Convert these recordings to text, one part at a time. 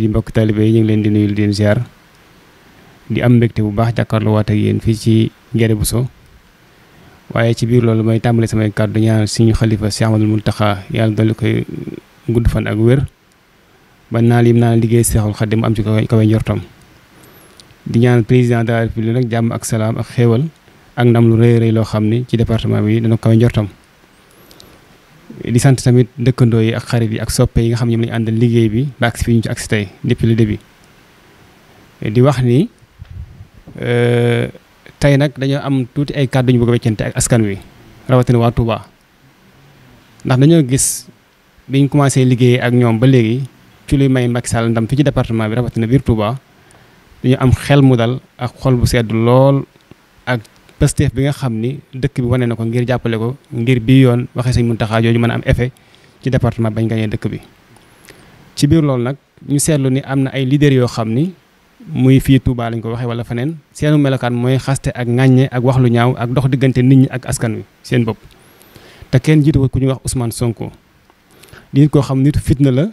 di mbokk taalibe yi ñu ngi leen di nuyu di di am mbégte bu baax jàkkaarloo waat ak yéen fii ci bu so waaye ci biir loolu may tàmbali samay kàddu ñaanal suñu xalifa Cheikh Ahmadou Mountakha yàlla dolli koy gudd fan ak wér ba naa lim naa liggéey Seexul Xaadim am ci kawe njortam di ñaan président de la république jàmm ak salaam ak xéewal ak ndam lu rëy rëy loo xam ne ci département bi dana kawe njortam di sant tamit dëkkandoo yi ak xarit yi ak soppe yi nga xam ne ñoom lañu àndal liggéey bi ba agsi fii ñu ci agsi tey di wax ni euh, tey nag dañoo am tuuti ay kàddu ñu bëgg a weccante ak askan wi rawatina waa Touba ndax dañoo gis biñ commencé liggéey ak ñoom ba léegi ci luy may Macky Sall ndam fi ci département bi rawatina biir Touba dañoo am xel mu dal ak xol bu sedd lool pasteef bi nga xam ni dëkk bi wane na ko ngir jàppale ko ngir bii yoon waxee sëñ taxaajoo ñu man a am effet ci département bañ gañee dëkk bi ci biir loolu nag ñu seetlu ni am na ay leader yoo xam ni muy fii Touba lañ ko waxee wala feneen seenu melokaan mooy xaste ak ŋàññe ak wax lu ñaaw ak dox diggante nit ñi ak askan wi seen bopp te kenn jiitu ku ñuy wax Ousmane Sonko di nit koo xam nit fitna la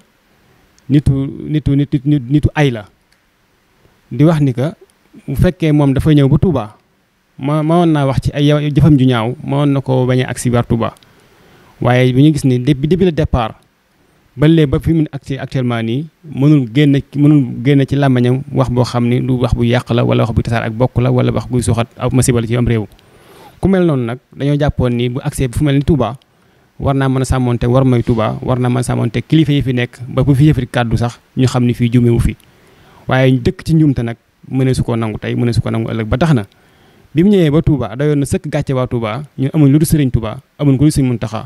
nitu nitu nitu nitu ay la di wax ni que bu fekkee moom dafa ñëw ba Touba ma ma woon naa wax ci ay jëfam ju ñaaw ma woon na ko bañ a agsi war Touba waaye bi ñu gis ni depuis depuis le départ ba ba fi mu ak ci actuellement nii mënul génn mënul génn ci làmbañam wax boo xam ni lu wax bu yàq la wala wax bu tasaar ak bokk la wala wax buy suxat aw masiba la ci am réew ku mel noonu nag dañoo jàppoon ni bu accès bi fu mel ni Touba war naa mën a sàmmonte war may Touba war naa mën a sàmmonte kilifa yi fi nekk ba bu fi yëfri kàddu sax ñu xam ni fii jumewu fi waaye dëkk ci njuumte nag mënee su ko nangu tey mënee su ko nangu ëllëg ba tax na bi mu ñëwee ba Touba dayoon na sëkk gàcce waa Touba ñun amuñ lu dul Serigne Touba amuñ ko lu Serigne Mountakha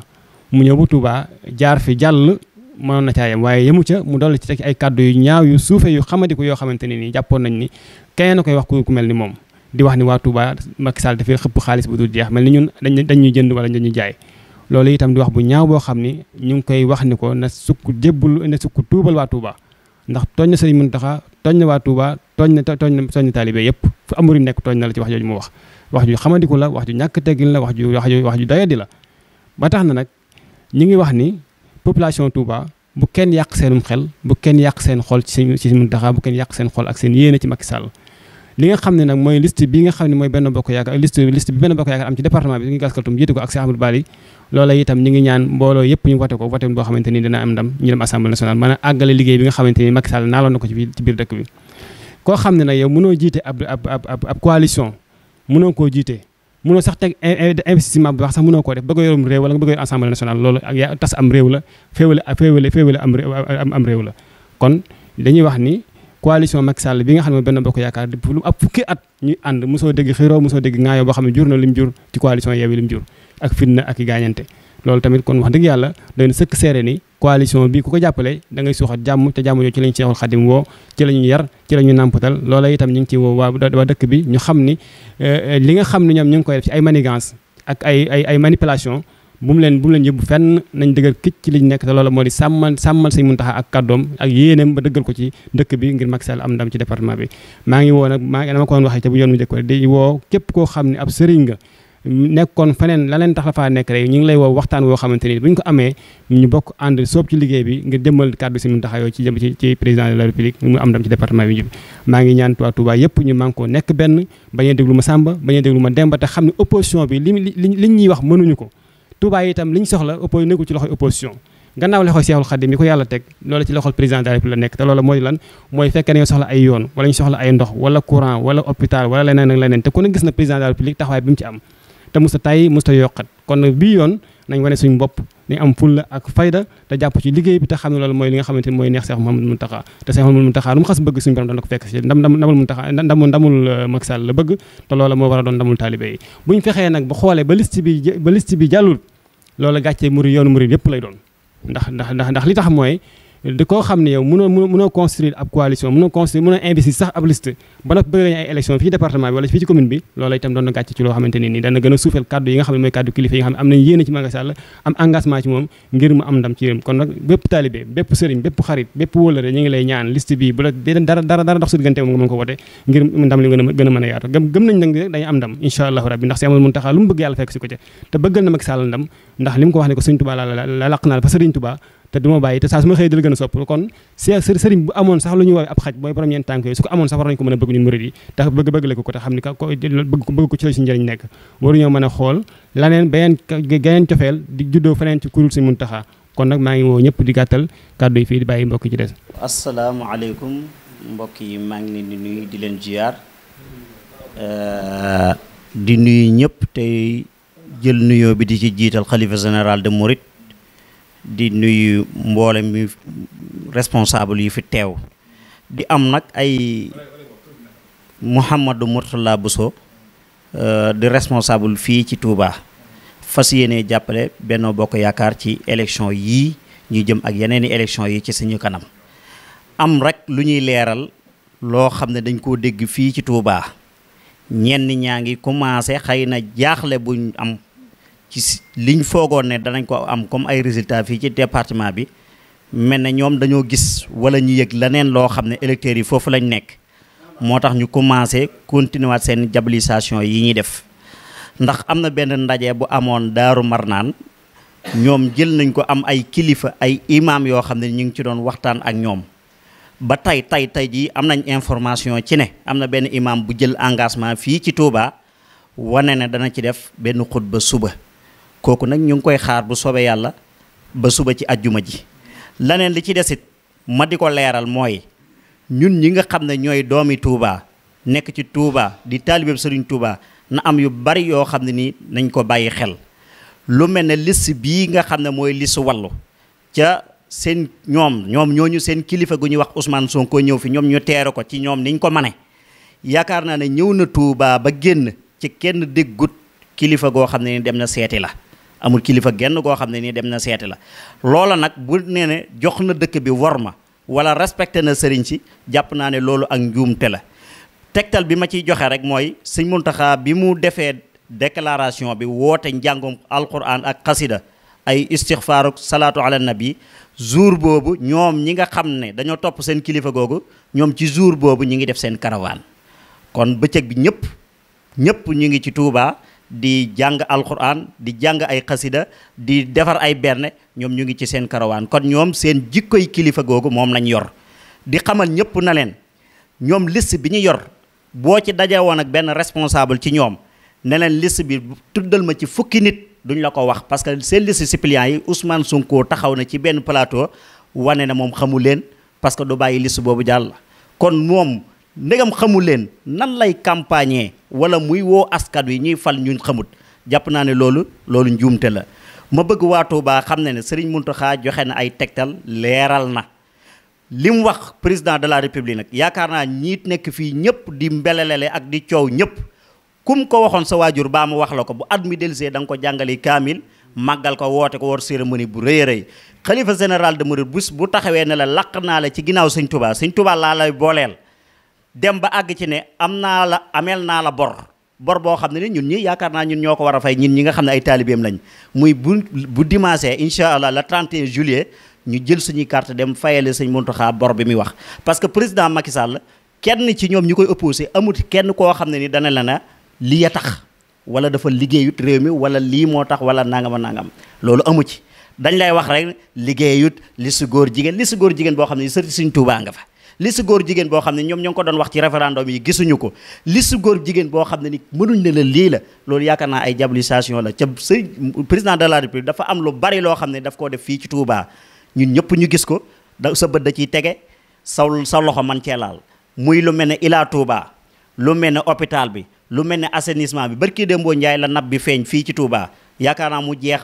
mu ñëw ba Touba jaar fi jàll mënoon na caa yem waaye yemu ca mu dolli ci teg ay kàddu yu ñaaw yu suufe yu ko yoo xamante ne nii jàppoon nañ ni kenn na koy wax ku mel ni moom di wax ni waa Touba ma Sall dafay xëpp xaalis bu dul jeex mel ni ñun dañ dañuy jënd wala dañuy jaay loolu itam di wax bu ñaaw boo xam ni ñu ngi koy wax ni ko na sukk jébbul na sukk tuubal waa Touba ndax tooñ na tooñ na tooñ na taalibe yëpp fu amuri nekk tooñ na la ci wax jooju mu wax wax ju xamandiku la wax ju ñàkk la ba tax na nag ñi ngi wax ni population Touba bu kenn yàq seenum xel bu kenn yàq seen xol ci seen ci seen Muntaxa bu kenn yàq seen xol ak seen yéene ci Macky Sall li nga xam ne nag mooy liste bi nga xam ne mooy benn bokk yaakaar liste bi benn bokk yaakaar am ci département bi ñu gaskaltum jiitu ko ak Cheikh Amadou Bali loola itam ñi ngi ñaan mbooloo koo xam ne na yow mënoo jiite ab ab ab ab coalition mënoo koo jiite mënoo sax teg investissement bu baax sax mënoo koo def bëgg a yorum réew bëgg a yor assemblée nationale loolu ak yaa tas am réew la féewale féewale féewale am réew la. kon dañuy wax ni coalition Macky Sall bi nga xam ne benn bokk yaakaar depuis lu ab fukki at ñuy ànd mosoo dégg xiroo mosoo dégg ŋaayoo boo xam ne jur na lim jur ci coalition Yewwi lim jur ak fitna ak gaañante. loolu tamit kon wax dëgg yàlla doy na sëkk seere ni coalition bi ku ko jàppale da ngay suuxat jàmm te jàmm yooyu ci lañ seexul xadim woo ci la ñu yar ci la nàmpatal loola itam ñu ngi ci woo waa waa dëkk bi ñu xam ni eh, li nga xam ne ñoom ñu ngi koy def ci ay manigance ak ay ay ay manipulation bu mu leen bu mu leen yóbbu fenn nañ dëggal kicc ci liñ nekk te loola moo di sàmmal sañ mun Muntaxa ak kàddoom ak yéeneem ba dëggal ko ci dëkk bi ngir Macky Sall am ndam ci département bi maa ngi woo nag maa ngi dama ko waxee te bu yoon mu jëkk di woo képp koo xam ne ab sëriñ nga nekkoon feneen la leen tax la nekk rek ñu lay woo waxtaan woo xamante ni bu ñu ko amee ñu bokk ànd soob ci liggéey bi ngir jëmmal kàddu si mun taxayoo ci mu am ndam ci département ngi ñaan waa Touba yëpp ñu man opposition bi li li ñuy wax mënuñu ko Touba itam li ñu soxla oppo nekku ci loxoy opposition gannaaw loxoy Seexul yi ko yàlla teg loolu ci loxol président de la république la nekk te loolu mooy lan mooy fekkee nañu soxla ay yoon wala ñu soxla ay ndox wala courant wala hôpital wala leneen ak leneen te ku gis na président de la république taxawaay bi mu am te musta tay musta yokkat kon bii yoon nañ wane suñu bopp ni am fulla ak fayda te jàpp ci liggéey bi te xam ne loolu mooy li nga xamante ni mooy neex Seex Muhammadu Muntaxa te Seex Muhammadu Muntaxa lu mu xas bëgg suñu borom dana ko fekk si ndamul Muntaxa ndamul euh, la bëgg te loola moo war a doon ndamul taalibe yi bu ñu fexee nag ba xoolee ba liste bi ba liste bi jàllul loola gàccee muri yoonu muri yëpp lay doon ndax ndax ndax ndax li tax mooy di koo xam ne yow mënoo mënoo construire ab coalition mënoo construire mënoo investir sax ab liste ba nag bëgg nañ ay élection fii département bi wala fii ci commune bi loola itam doon na gàcce ci loo xamante ne nii dana gën suufeel kaddu yi nga xam ne mooy kaddu kilifa yi nga xam ne am nañ yéene ci Macky Sall am engagement ci moom ngir mu am ndam ci réew kon nag bépp talibé bépp sëriñ bépp xarit bépp wóolare ñu ngi lay ñaan liste bii bu la te du ma bàyyi te saa su ma xëyee dal gën a sopp kon sëriñ bu amoon sax lu ñu woowee ab xaj mooy borom ñeent tànk yooyu su ko amoon sax war nañu ko mën a bëgg ñun murid yi tax bëgg bëgg la ko te xam ni ka ko bëgg ko ci la a xool laneen di juddoo feneen ci kurul si mun taxaa kon nag maa ngi woo ñëpp di gàttal kàddu yi fii di bàyyi mbokk ci des asalaamaaleykum mbokk yi maa ngi leen di nuyu di leen ziar di nuyu ñëpp jël nuyoo bi di ci jiital xalifa général de Mouride di nuyu mboole mi responsable yi fi teew di am nag ay Mouhamadou Mourtala Bousso euh, di responsable fii ci Touba fas yéene jàppale Benno Bokk Yaakaar ci élection yii ñuy jëm ak yeneen i élection yi ci suñu kanam am rek lu ñuy leeral loo xam ne dañ koo dégg fii ci Touba ñenn ñaa ngi commencé xëy na jaaxle buñ am ci liñ foogoon ne danañ ko am comme ay résultats fii ci département bi mel ne ñoom dañoo gis wala ñu yëg leneen loo xam ne électeurs yi foofu lañu nekk moo tax ñu commencé continuer seen diabolisation yi ñuy def ndax am na benn ndaje bu amoon daaru marnaan ñoom jël nañ ko am ay kilifa ay imam yoo xam ne ñu ngi ci doon waxtaan ak ñoom ba tey tey tey jii am nañ information ci ne am na benn imam bu jël engagement fii ci Touba wane ne dana ci def benn xutba suba kooku nag ñu ngi koy xaar bu soobee yàlla ba suba ci ajjuma ji laneen li ci desit ma di ko leeral mooy ñun ñi nga xam ne ñooy doomi Touba nekk ci Touba di taalibeeb Sëriñ Touba na am yu bari yoo xam ne ni nañ ko bàyyi xel lu mel ne liste bii nga xam ne mooy liste wallu ca seen ñoom ñoom ñooñu seen kilifa gu ñuy wax usmaan Ousmane ko ñëw fi ñoom ñu teere ko ci ñoom niñ ko mane yaakaar naa ne ñëw na Touba ba génn ci kenn déggut kilifa goo xam ne ni dem na seeti la amul kilifa genn goo xam ne nii dem na seeti la loola nag bu nee ne jox na dëkk bi war ma wala respecté na sëriñ si jàpp naa ne loolu ak njuumte la tegtal bi ma ciy joxe rek mooy sëñ Muntaxa bi mu defee déclaration bi woote njàngum alquran ak xasida ay istixfaar ak salaatu ala nabi jour boobu ñoom ñi nga xam ne dañoo topp seen kilifa googu ñoom ci jour boobu ñu ngi def seen caravane kon bëccëg bi ñëpp ñëpp ñu ngi ci Touba di jàng alquran di jàng ay xasida di defar ay benn ñoom ñu ngi ci seen karawaan kon ñoom seen jikkoy kilifa googu moom lañ yor di xamal ñëpp na leen ñoom liste bi ñu yor boo ci dajee woon ak benn responsable ci ñoom ne leen liste bi tuddal ma ci fukki nit duñ la ko wax parce que seen liste suppléants yi Ousmane Sonko taxaw na ci benn palaatoo wane na moom xamu leen parce que du bàyyi liste boobu jàll kon moom ndegam xamul leen nan lay campagner wala muy woo askan wi ñuy fal ñun xamut jàpp naa ne loolu loolu njuumte la ma bëgg waa Touba xam ne ne Serigne Mountakha joxe na ay tegtal leeral na li mu wax président de la république nag yaakaar naa ñiit nekk fii ñëpp di mbelelele ak di coow ñëpp kum ko waxoon sa waajur baa mu wax la ko bu at mi dellusee danga nga ko jàngalee kaamil màggal ko woote ko war cérémonie bu rëy a rëy xalifa général de Mouride bu bu taxawee ne la laq naa la ci ginnaaw sëñ Touba sëñ laa lay booleel dem ba àgg ci ne am naa la ameel naa la bor bor boo xam ne ni ñun ñi yaakaar naa ñun ñoo ko war a fay ñun ñi nga xam ne ay taalibeem lañ muy bu bu dimanche incha allah le 31 juillet ñu jël suñuy carte dem fayale sëñ Mountakha bor bi muy wax. parce que président Macky Sall kenn ci ñoom ñu koy opposé amut kenn koo xam ne ni dana la na lii a tax wala dafa liggéeyut réew mi wala lii moo tax wala nangama nangam loolu amu ci dañ lay wax rek liggéeyut li si góor jigéen li si góor jigéen boo xam ne sëriñ Tuubaa nga fa. liste góor jigéen boo xam ne ñoom ñoo ko doon wax ci référendum yi gisuñu ko liste góor jigéen boo xam ne ni mënuñ ne la lii la loolu yaakaar naa ay diabolisation la ca sëy président de la république dafa am lu bari loo xam ne daf koo def fii ci Touba ñun ñëpp ñu gis ko da sa bët da ciy tege sa sa loxo man cee laal muy lu mel ne Ila Touba lu mel ne hôpital bi lu mel ne assainissement bi barki démboo Njaay la nab bi feeñ fii ci tuubaa yaakaar naa mu jeex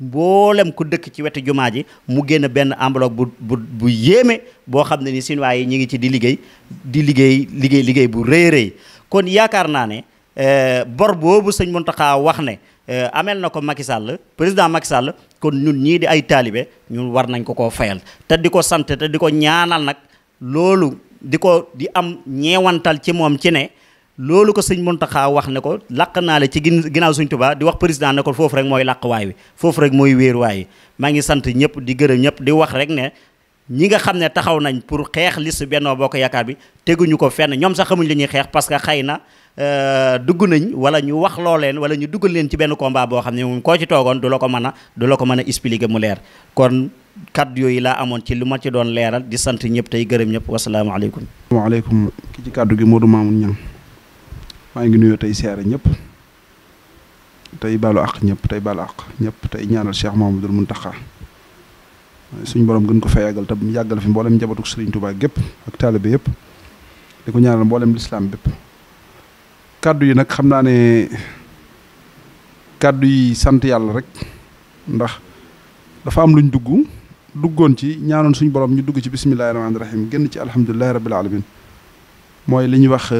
mboolem ku dëkk ci wetu jumaa ji mu génn benn enveloppe bu bu bu yéeme boo xam ne ni Chinois yi ñu ngi ci di liggéey di liggéey liggéey liggéey bu rëy rëy kon yaakaar naa ne euh, bor boobu sëñ Mountakha wax ne euh, ameel na ko Macky président Macky Sall kon ñun ñii di ay taalibe ñun war nañ ko koo fayal te di ko sant te di ko ñaanal nag loolu di ko di am ñeewantal ci moom ci ne loolu ko sëñ Mountakha wax ne ko làq naa la ci ginaaw suñ tubaa di wax président ne ko foofu rek mooy làq waay wi foofu rek mooy wéer waay wi maa ngi sant ñëpp di gërëm ñëpp di wax rek ne ñi nga xam ne taxaw nañ pour xeex liste Benno Bokk Yaakaar bi teguñu ko fenn ñoom sax xamuñ li ñuy parce que xëy na euh, dugg nañ wala ñu wax loo leen wala ñu duggal leen ci benn combat boo xam ne moom koo ci toogoon du la ko mën a du mën a expliquer mu leer kon kàddu yooyu laa amoon ci lu ma ci doon leeral di sant ñëpp tey gërëm ñëpp wasalaamaaleykum. waaleykum ki gi Modou Mamoun Niang maa ngi nuyoo tey siyaare ñëpp tey baalu ñëpp tey baalu ñëpp tey ñaanal Cheikh Mouhamadoul Mountakha suñu borom gën ko fa yàggal te yàggal fi mboolem njabootu Serigne Touba gépp ak taalibe yëpp di ko ñaanal mboolem lislaam bépp kàddu yi nag xam naa ne kàddu yi sant yàlla rek ndax dafa am luñ dugg duggoon ci ñaanoon suñu borom ñu dugg ci bismillahi rahmaani rahim génn ci alhamdulilahi rabbil alamin mooy li wax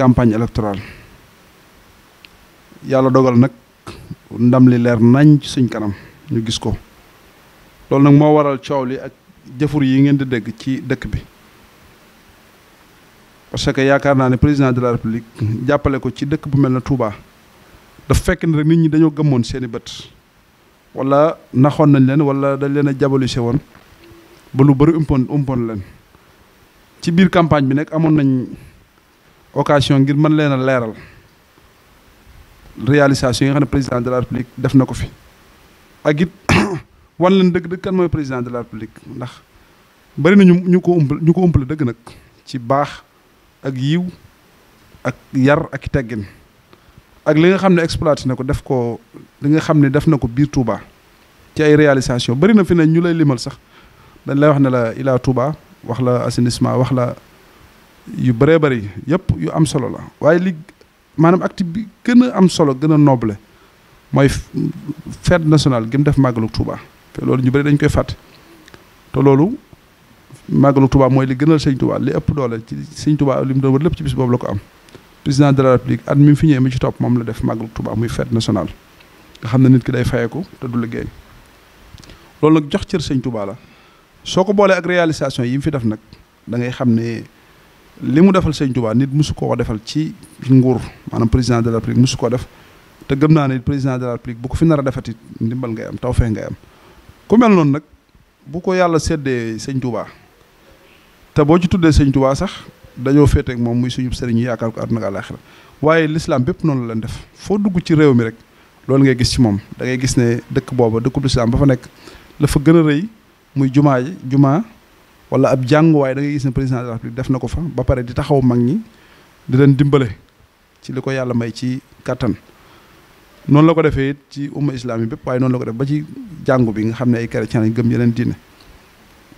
campagne électorale yàlla dogal nag ndam li leer nañ suñ kanam ñu gis ko loolu nag moo waral coow li ak jëfur yi ngeen di dégg ci dëkk bi parce que yaakaar naa ne président de la république jàppale ko ci dëkk bu mel na Touba daf fekk ne rek nit ñi dañoo gëmoon seeni bët wala naxoon nañ leen walla dañ leen a jabalise woon ba lu bëri umpoon umpoon leen ci biir campagne bi nag amoon nañ occasion ngir man leen a leeral réalisation yi nga xam ne président de la république def na ko fi ak it wan leen dëgg-dëgg kan mooy président de la république ndax bari na ñu ñu ko ump ñu ko umpale dëgg nag ci baax ak yiw ak yar ak teggin ak li nga xam ne exploité na ko def ko li nga xam ne def na ko biir Touba ci ay réalisation bari na fi nag ñu lay limal sax dañ lay wax ne la Ila Touba wax la assainissement wax la yu baree bari yëpp yu am solo la waaye li maanaam active bi gën a am solo gën a noble mooy fête nationale gi def màggalu tubaa loolu ñu bari dañ koy fàtte te loolu màggalu Touba mooy li gënal sëñ Touba li ëpp doole ci sëñ Touba li mu lépp ci bis la ko am président de la at mi fi ñëwee mi ci topp moom la def màggalu Touba muy fête nationale nga xam ne nit ki day fayeeku te du liggéey loolu nag jox cër sëñ Touba la soo ko boolee ak réalisation yi mu fi def nag dangay xam ne. li mu defal sëñ Touba nit mosu koo defal ci nguur maanaam président de la République mosu koo def te gëm naa ne président de la République bu ko fi nar a defati ndimbal ngay am taw fee ngay am ku mel noonu nag bu ko yàlla seddee sëñ Touba te boo ci tuddee sëñ Touba sax dañoo féeteek moom muy suñu sëriñ ñu yaakaar ko àdduna ak àllaaxira waaye l'islam bépp noonu la leen def foo dugg ci réew mi rek loolu ngay gis ci moom da ngay gis ne dëkk booba dëkkub lislaam ba fa nekk la gën a rëy muy jumaa yi wala ab jànguwaay da ngay gis ne président de la République def na ko fa ba pare di taxaw mag ñi di leen dimbale ci li ko yàlla may ci kattan noonu la ko defee it ci umma islam yi bépp waaye noonu la ko def ba ci jàngu bi nga xam ne ay chrétien lañ gëm yeneen diine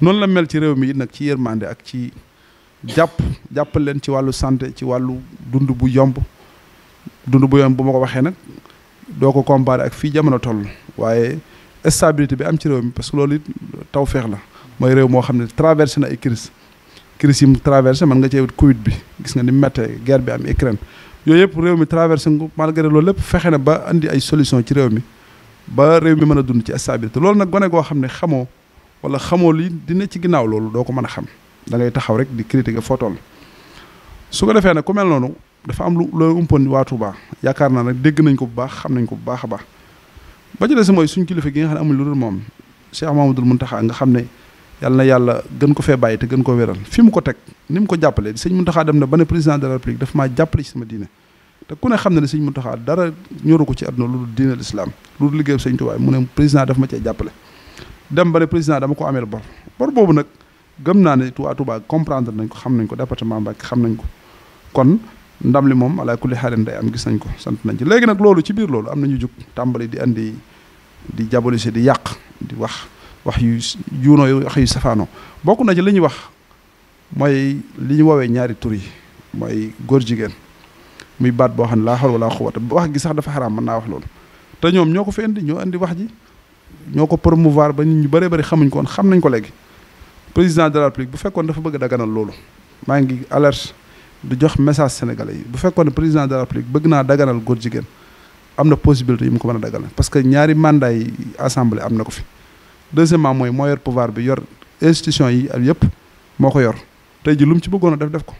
noonu la mel ci réew mi it nag ci yërmande ak ci jàpp jàppal leen ci wàllu santé ci wàllu dund bu yomb dund bu yomb bu ma ko waxee nag doo ko comparé ak fii jamono toll waaye stabilité bi am ci réew mi parce que loolu it tawféex la mooy réew moo xam ne traversé na ay crise crise yi mu man mën nga cee wut Covid bi gis nga ni méttee guerre bi am Ukraine yooyu yëpp réew mi traversé nga malgré loolu lépp fexe na ba andi ay solution ci réew mi ba réew mi mën a dund ci stabilité loolu nag gone goo xam ne xamoo wala xamoo li dina ci ginnaaw loolu doo ko mën a xam dangay taxaw rek di critiquer foo toll su ko defee ne ku mel noonu dafa am lu looy umpoon waa baax yaakaar naa nag dégg nañ ko bu baax xam nañ ko bu baax a baax ba ci des mooy suñ kilifa gi nga xam ne amuñ lu dul moom Cheikh Mamadou Mountakha nga xam ne yàlla na yàlla gën ko fee bàyyi te gën ko wéral fi mu ko teg ni mu ko jàppalee sëñ Mountakha dem na ba ne président de la république daf maa jàppale ci sama diine te ku ne xam na ne sëñ Mountakha dara ñoru ko ci àdduna lu dul diine l'islam lu dul liggéey sëñ Tuubaa mu ne président daf ma cee jàppale dem ba ne président dama ko ameel bor bor boobu nag gëm naa ne waa Touba comprendre nañ ko xam nañ ko département Mbacké xam nañ ko kon ndam li moom ala kulli xaalin day am gis nañ ko sant nañ ci léegi nag loolu ci biir loolu am nañu jug tàmbali di andi di diaboliser di yàq di wax wax yu juunoo wax yu safaanoo bokk na ci li ñuy wax mooy li ñu woowee ñaari tur mooy góor jigéen muy baat boo xam ne laa xawla wala quwwata wax gi sax dafa xaraam man naa wax loolu te ñoom ñoo ko fi indi ñoo indi wax ji ñoo ko promouvoir ba nit ñu bëree bëri xamuñ koon xam nañ ko léegi président de la république bu fekkoon dafa bëgg daganal loolu maa ngi alerte di jox message sénégal yi bu fekkoon ne président de la république bëgg naa daganal góor jigéen am na possibilité yu mu ko mën a daganal parce que ñaari mandat yi am na ko fi deuxièmement mooy moo yor pouvoir bi yor institution yi ak yëpp moo ko yor tey ji lu mu ci bëggoon a def def ko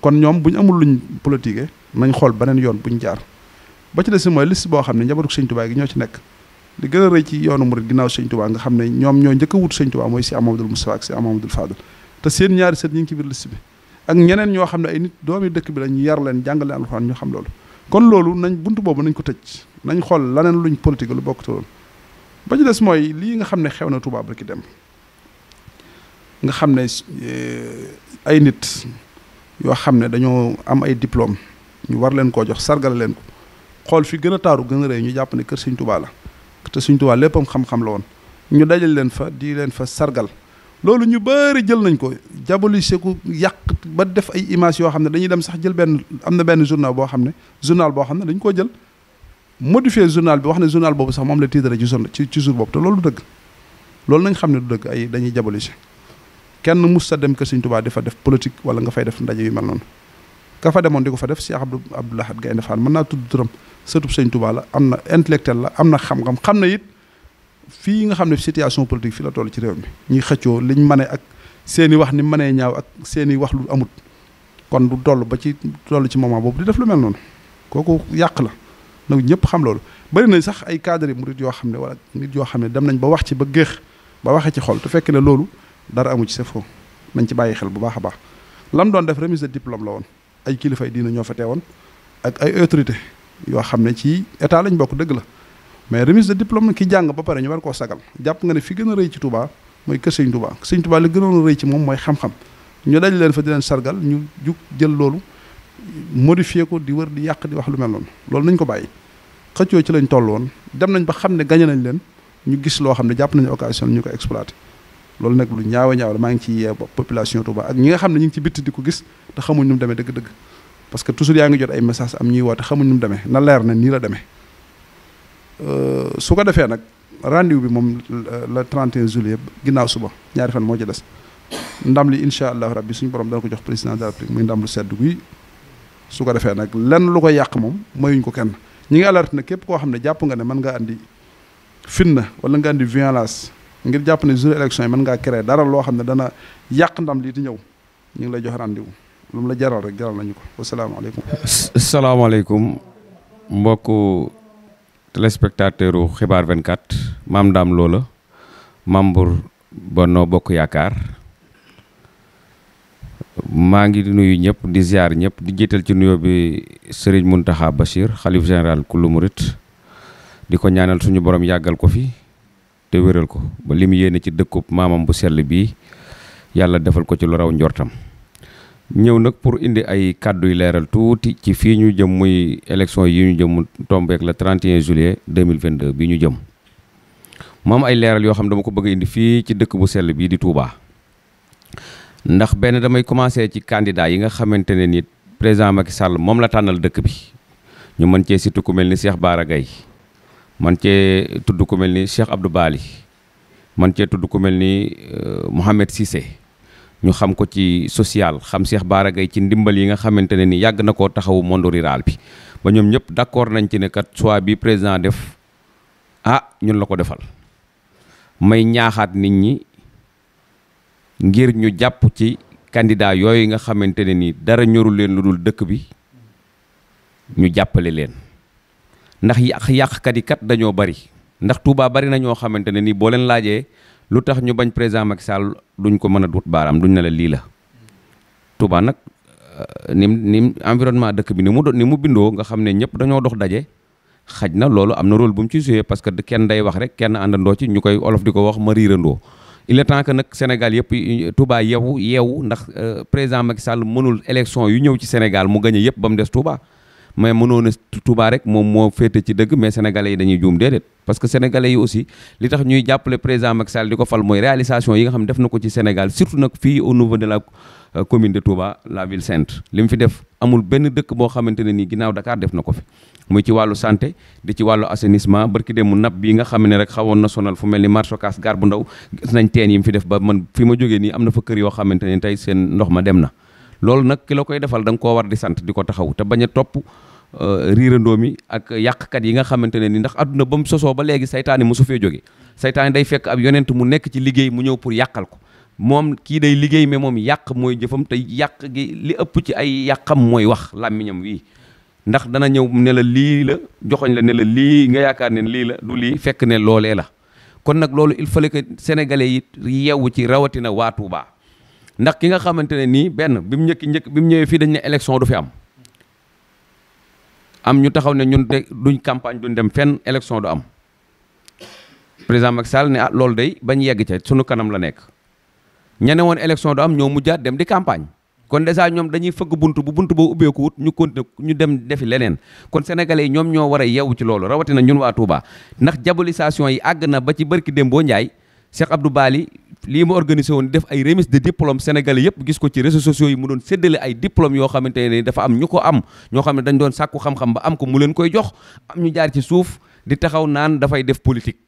kon ñoom bu ñu amul luñ politique nañ xool beneen yoon bu ñu jaar ba ci des mooy boo xam ne njabootu Sëñ Tuubaa ñoo ci nekk li gën a ci yoonu murid ginnaaw Sëñ Tuubaa nga xam ne ñoom ñoo njëkk wut Sëñ Tuubaa mooy si Amadou Moustapha ak si Amadou Fadel te seen ñaari sët ñu ngi ci biir liste bi ak ñoo xam ne ay nit doomi bi lañu yar leen jàng leen alxuraan xam loolu kon loolu nañ bunt boobu nañ ko tëj nañ xool laneen luñ politique lu bokk loolu ba ci des mooy lii nga xam ne xew na tubaab ba ki dem nga xam ne eh, ay nit yoo xam ne dañoo am ay diplôme ñu war leen koo jox sargal leen ko xool fi gën a taaru gën a rëy ñu jàpp ne kër Sëñ Touba la te Sëñ Touba léppam xam-xam la woon ñu dajal leen fa di leen fa sargal loolu ñu bëri jël nañ ko diaboliser ko yàq ba def ay images yoo xam ne dañuy dem sax jël benn am na benn journal boo xam ne journal boo xam ne dañ koo jël modifier journal bi wax ne journal boobu sax moom la titre ci journal ci ci jour boobu te loolu loolu nañ xam ne du dëgg ay dañuy jabolise kenn mus sa dem kër Sëñ Tuubaa di fa def politique wala nga fay def ndaje yi mel noonu ka fa demoon di ko fa def Cheikh Abdou Abdou Lahad Gaïndé Fatma mën naa tudd turam sëtub Sëñ Tuubaa la am na intellectuel la am na xam-xam xam na it fii nga xam ne situation politique fii la toll ci réew mi ñuy xëccoo liñ mane ak seeni wax ni mënee ñaaw ak seeni wax lu amut kon du toll ba ci toll ci moment boobu def lu mel noonu kooku yàq la na ñëpp xam loolu bëri nañ sax ay cadre yi murit yoo xam ne wala nit yoo xam ne dem nañ ba wax ci ba géex ba waxee ci xol te fekk ne loolu dara amu ci c'est faux nañ ci bàyyi xel bu baax a baax lam doon def remise de diplôme la woon ay kilifay diina ñoo fa woon ak ay autorité yoo xam ne ci état lañ bokk dëgg la mais remise de diplôme ki jàng ba pare ñu war koo sagal jàpp nga ne fi gën a rëy ci Touba mooy kër Sëñ Touba Sëñ Touba li gënoon a ci moom mooy xam-xam leen fa di leen sargal ñu jug jël loolu modifier ko di wër di yàq di wax lu mel noonu loolu nañ ko bàyyi xëccoo ci lañ toll woon dem nañ ba xam ne gañe nañ leen ñu gis loo xam ne jàpp nañu occasion ñu ko exploité loolu nag lu ñaawa ñaaw la maa ngi ci yee population Touba ak ñi nga xam ne ñu ngi ci bitti di ko gis te xamuñ nu mu demee dëgg-dëgg parce que toujours yaa ngi jot ay message am ñuy woote xamuñ nu mu demee na leer na nii la demee euh, su ko defee nag rendez bi moom le 31 juillet ginnaaw suba ñaari fan moo ci des ndam li incha allah rabbi suñu borom dana ko jox président de muy ndam lu sedd guy su ko defee nag lenn lu ko yàq moom mayuñ ko kenn ñi ngi alerte na képp koo xam ne jàpp nga ne man nga andi na wala nga andi violence ngir jàpp ne jour élection yi mën ngaa créer dara loo xam ne dana yàq ndam lii di ñëw ñu ngi lay joxe rendez-vous lu la jaral rek jaral nañu ko wasalaamaaleykum. salaamaaleykum mbokku téléspectateur u xibaar 24 maam daam loola membre Benno Bokk Yaakaar. maa ngi nuyu ñëpp di ziar ñëpp di jiital ci nuyoo bi Serigne Mountakha Bachir xalif général kullu murit di ko ñaanal suñu borom yàggal ko fi te wéral ko ba li mu yéene ci dëkkub maamam bu sell bii yàlla defal ko ci lu raw njortam. ñëw nag pour indi ay kàddu yu leeral tuuti ci fii ñu jëm muy élection yi ñu jëm tombeek le 31 juillet 2022 bi ñu jëm maam ay leeral yoo xam dama ko bëgg indi fii ci dëkk bu sell bii di tuubaa ndax benn damay commencé ci candidat yi nga xamante ne ni président Macky Sall moom la tànnal dëkk bi ñu mën cee surtout ku mel ni seex Bara man cee tudd ku mel ni Cheikh Abdou Bali man cee tudd ku mel ni euh, Mouhamed sise ñu xam ko ci social xam seex Bara Gaye ci ndimbal yi nga xamante ne ni yàgg na koo taxawu monde rural bi ba ñoom ñëpp d'accord nañ ci ne kat choix bi président def ah ñun la ko defal may ñaaxaat nit ñi. ngir ñu jàpp ci candidat yooyu nga xamante ne nii dara ñorul leen lu dul dëkk bi ñu jàppale leen ndax yàq yàqkat yi kat dañoo bari ndax Touba bari na ñoo xamante ne nii boo leen laajee lu tax ñu bañ présent Macky Sall duñ ko mën a dut baaraam duñ ne la lii la Touba nag euh, ni ni environnement dëkk bi ni mu ni mu bindoo nga xam ne ñëpp dañoo dox daje xaj na loolu am na rôle bu mu ci joué parce que kenn day wax rek kenn àndandoo ci ñu koy olof di ko wax ma riirandoo il est que nag Sénégal yëpp Touba yeewu yeewu ndax euh, président Macky Sall mënul élection yu ñëw ci Sénégal mu gañe yëpp ba mu des Touba mais mënoon na Touba rek moom moo féete ci dëgg mais sénégalais yi dañuy juum déedéet parce que sénégalais yi aussi li tax ñuy jàppale président Macky Sall di ko fal mooy réalisation yi nga xam ne def na ko ci Sénégal surtout nag fii au niveau de la Euh, commune de Touba la ville sainte li mu fi def amul benn dëkk boo xamante ne nii ginnaaw Dakar def na ko fi muy ci wàllu santé di ci wàllu assainissement barki dem mu napp bii nga xam ne rek xawoon na sonal fu mel ni marché Ocass gar bu ndaw nañ teen yi mu fi def ba man fi ma jógee nii am na fa kër yoo xamante ne tey seen ndox ma dem na loolu nag la koy defal da nga koo war di sant di ko taxaw te bañ a topp euh, riirandoo mi ak yàqkat yi nga xamante ne ni ndax adduna ba mu sosoo ba léegi saytaane mosu fee jóge saytaane day fekk ab yonent mu nekk ci liggéey mu ñëw pour yàqal ko moom kii day liggéey mais moom yàq mooy jëfam te yàq gi li ëpp ci ay yàqam mooy wax làmmiñam wii ndax dana ñëw ne la lii la joxoñ la ne la lii nga yaakaar ne lii la du lii fekk ne loolee la kon nag loolu il fallait que sénégalais yi yeewu ci rawatina waatu Touba ndax ki nga xamante ne nii benn bi mu njëkki njëkk bi mu ñëwee fii dañ ne élection du fi am am ñu taxaw ne ñun de duñ campagne duñ dem fenn élection du am président Macky Sall ne ah loolu day bañ yegg ca sunu kanam la nekk ña woon élection du am ñoo mujjaat dem di campagne kon dèjà ñoom dañuy fëgg bunt bu bunt boo ubbeeku ñu continuer ñu dem defi leneen kon sénégalais yi ñoom ñoo war a yeewu ci loolu rawatina ñun waa Touba ndax diabolisation yi àgg na ba ci barki Dembo Ndiaye Cheikh Abdou Bali lii mu organisé woon def ay remise de diplôme sénégalais yëpp gis ko ci réseaux sociaux yi mu doon séddale ay diplôme yoo xamante ne dafa am ñu ko am ñoo xam ne dañ doon sàkku xam ba am ko mu leen koy jox am ñu jaar ci suuf di taxaw naan dafay def politique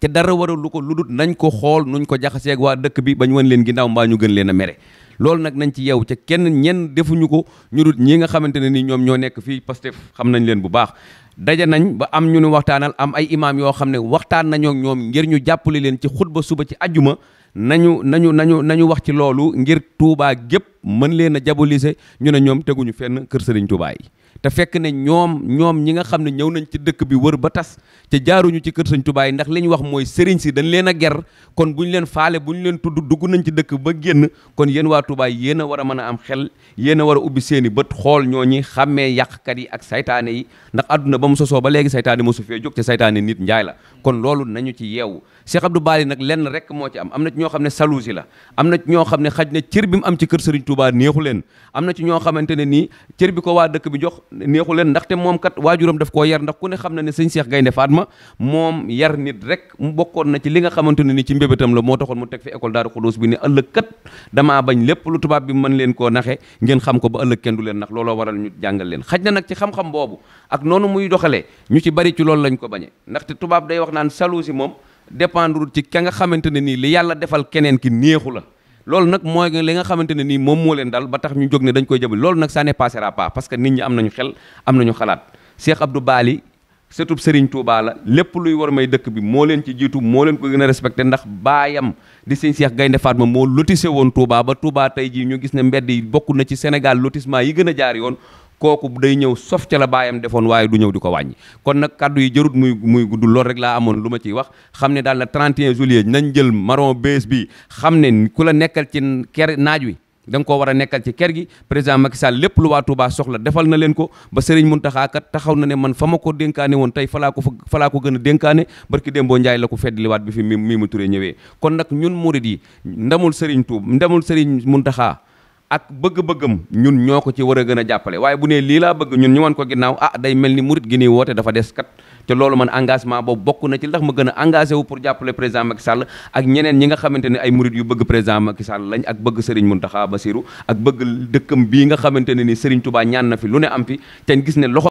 te dara waralu ko lu dul nañ ko xool nuñ ko jaxaseeg waa dëkk bi bañ wan leen ginnaaw mbaa ñu gën leen a mere loolu nag nañ ci yeew ca kenn ñenn defuñu ko ñu dut ñi nga xamante ne nii ñoom ñoo nekk fii Pastef xam nañ leen bu baax daje nañ ba am ñu nu waxtaanal am ay imaam yoo xam ne waxtaan nañook ñoom ngir ñu jàppale leen ci xutba suba ci ajjuma nañu nañu nañu nañu wax ci loolu ngir Tuubaa gépp mën leen a jaboliser ñu ne ñoom teguñu fenn kër Sëriñ Tuubaa yi te fekk ne ñoom ñoom ñi nga xam ne ñëw nañ ci dëkk bi wër ba tas te jaaruñu ci kër sëñ Tuubaa yi ndax li ñu wax mooy sëriñ si dañ leen a ger kon bu leen faale bu leen tudd dugg nañ ci dëkk ba génn kon yéen waa Tuubaa yéen a war a mën a am xel yéen a war a ubbi seen i bët xool ñooñi xàmmee yàqkat yi ak saytaane yi ndax àdduna ba mu sosoo ba léegi saytaane mosu fee jóg te nit njaay la kon loolu nañu ci yeewu Cheikh Abdou Bali nag lenn rek moo ci am am na ñoo xam ne salusi la am na ñoo xam ne xaj na cër bi mu am ci kër sëriñ Tuubaa neexu leen am na ci ñoo xamante ne nii cër bi ko waa dëkk bi jox wax neexu leen ndaxte moom kat waajuram def koo yar ndax ku ne xam na ne sëñ Cheikh Gaynde ma moom yar nit rek mu bokkoon na ci li nga xamante ne nii ci mbébétam la moo taxoon mu teg fi école Daaru Xudoos bi ne ëllëg kat damaa bañ lépp lu tubaab bi mën leen koo naxe ngeen xam ko ba ëllëg kenn du leen nax looloo waral ñu jàngal leen xaj na nag ci xam-xam boobu ak noonu muy doxalee ñu ci bari ci loolu lañ ko bañe ndaxte tubaab day wax naan jalousie moom dépendre ci ka nga xamante ne nii li yàlla defal keneen ki neexu la loolu nag mooy li nga xamante ne nii moom moo leen dal ba tax ñu jóg ne dañ koy jëmale loolu nag ça ne passera pas parce que nit ñi am nañu xel am nañu xalaat Cheikh du baali setub Serigne Touba la lépp luy war may dëkk bi moo leen ci jiitu moo leen ko gën a respecté ndax baayam di sëñ Cheikh Gaynde ma moo lotissé woon Touba ba Touba tey jii ñu gis ne mbedd yi bokk na ci Sénégal lotissement yi gën a jaar yoon kooku day ñëw sof ca la baayam defoon waaye du ñëw di ko wàññi kon nag kaddu yi jërut muy muy gudd lool rek laa amoon lu ma ci wax xam ne daal la 31 juillet nañ jël marron bees bi xam ne ku la nekkal ci ker naaj wi danga nga koo war a nekkal ci ker gi président Macky Sall lépp lu waa Touba soxla defal na leen ko ba Serigne mun taxaakat taxaw na ne man fama ko dénkaane woon tey falaa ko fa falaa ko gën a dénkaane barki Dembo Ndiaye la ko feddliwaat bi fi mi mi mu turee ñëwee kon nag ñun murid yi ndamul Serigne Touba ndamul Serigne Mountakha ak bëgg-bëggam ñun ñoo ko ci war a gën a jàppale waaye bu nee lii laa bëgg ñun ñu wan ko ginnaaw ah day mel ni murit gi nii woote dafa des kat te loolu man engagement boobu bokk na ci ndax ma gën a engagé wu pour jàppale président Macky Sall ak ñeneen ñi nga xamante ne ay murit yu bëgg président Macky Sall lañ ak bëgg Serigne Mountakha Bassirou ak bëgg dëkkam bii nga xamante ne ni Serigne Touba ñaan na fi lu ne am fi te gis ne loxo